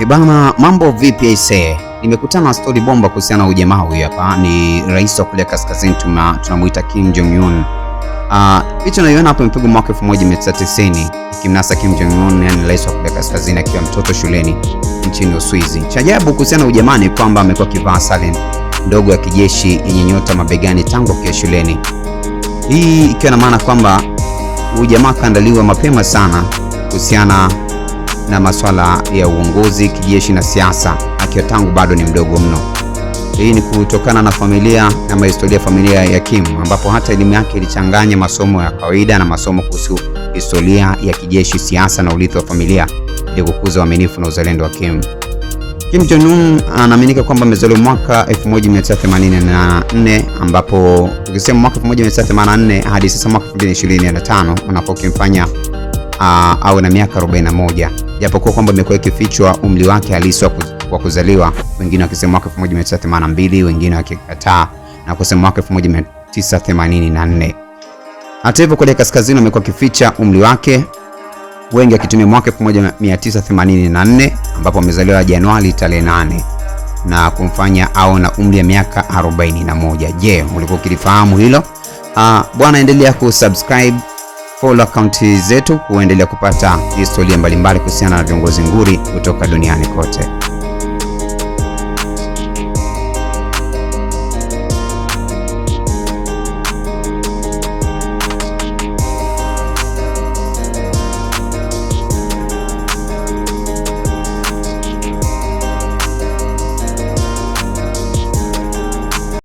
Ebana, eh, mambo vipi aisee? Nimekutana na story bomba kuhusiana na ujamaa huyu hapa, ni rais wa Korea Kaskazini, tunamuita Kim Jong Un. Ah, picha unaiona hapo imepigwa mwaka 1990 ikimnasa Kim Jong Un, yani rais wa Korea Kaskazini akiwa mtoto shuleni nchini Uswizi. Cha ajabu kuhusiana na ujamaa ni kwamba amekuwa akivaa sare ndogo ya kijeshi yenye nyota mabegani tangu akiwa shuleni, hii ikiwa na maana kwamba ujamaa kaandaliwa mapema sana kuhusiana na masuala ya uongozi, kijeshi na siasa akiwa tangu bado ni mdogo mno. Hii ni kutokana na familia na mahistoria ya familia ya Kim, ambapo hata elimu yake ilichanganya masomo ya kawaida na masomo kuhusu historia ya kijeshi, siasa na urithi wa familia ili kukuza uaminifu na uzalendo wa Kim. Kim Jong Un anaaminika kwamba amezaliwa mwaka 1984 ambapo ukisema mwaka 1984 hadi sasa mwaka 2025 ukimfanya uh, awe na miaka 41 japokuwa kwamba imekuwa ikifichwa umri wake halisi wa kuzaliwa, wengine wakisema mwaka 1982 wengine wakikataa na kusema mwaka 1984. Hata hivyo, Korea Kaskazini amekuwa akificha umri wake, wengi wakitumia mwaka 1984 ambapo amezaliwa Januari tarehe 8 na kumfanya au na umri ya miaka 41. Je, ulikuwa ukilifahamu hilo? Uh, bwana, endelea kusubscribe Follow akaunti zetu kuendelea kupata historia mbalimbali kuhusiana na viongozi nguri kutoka duniani kote.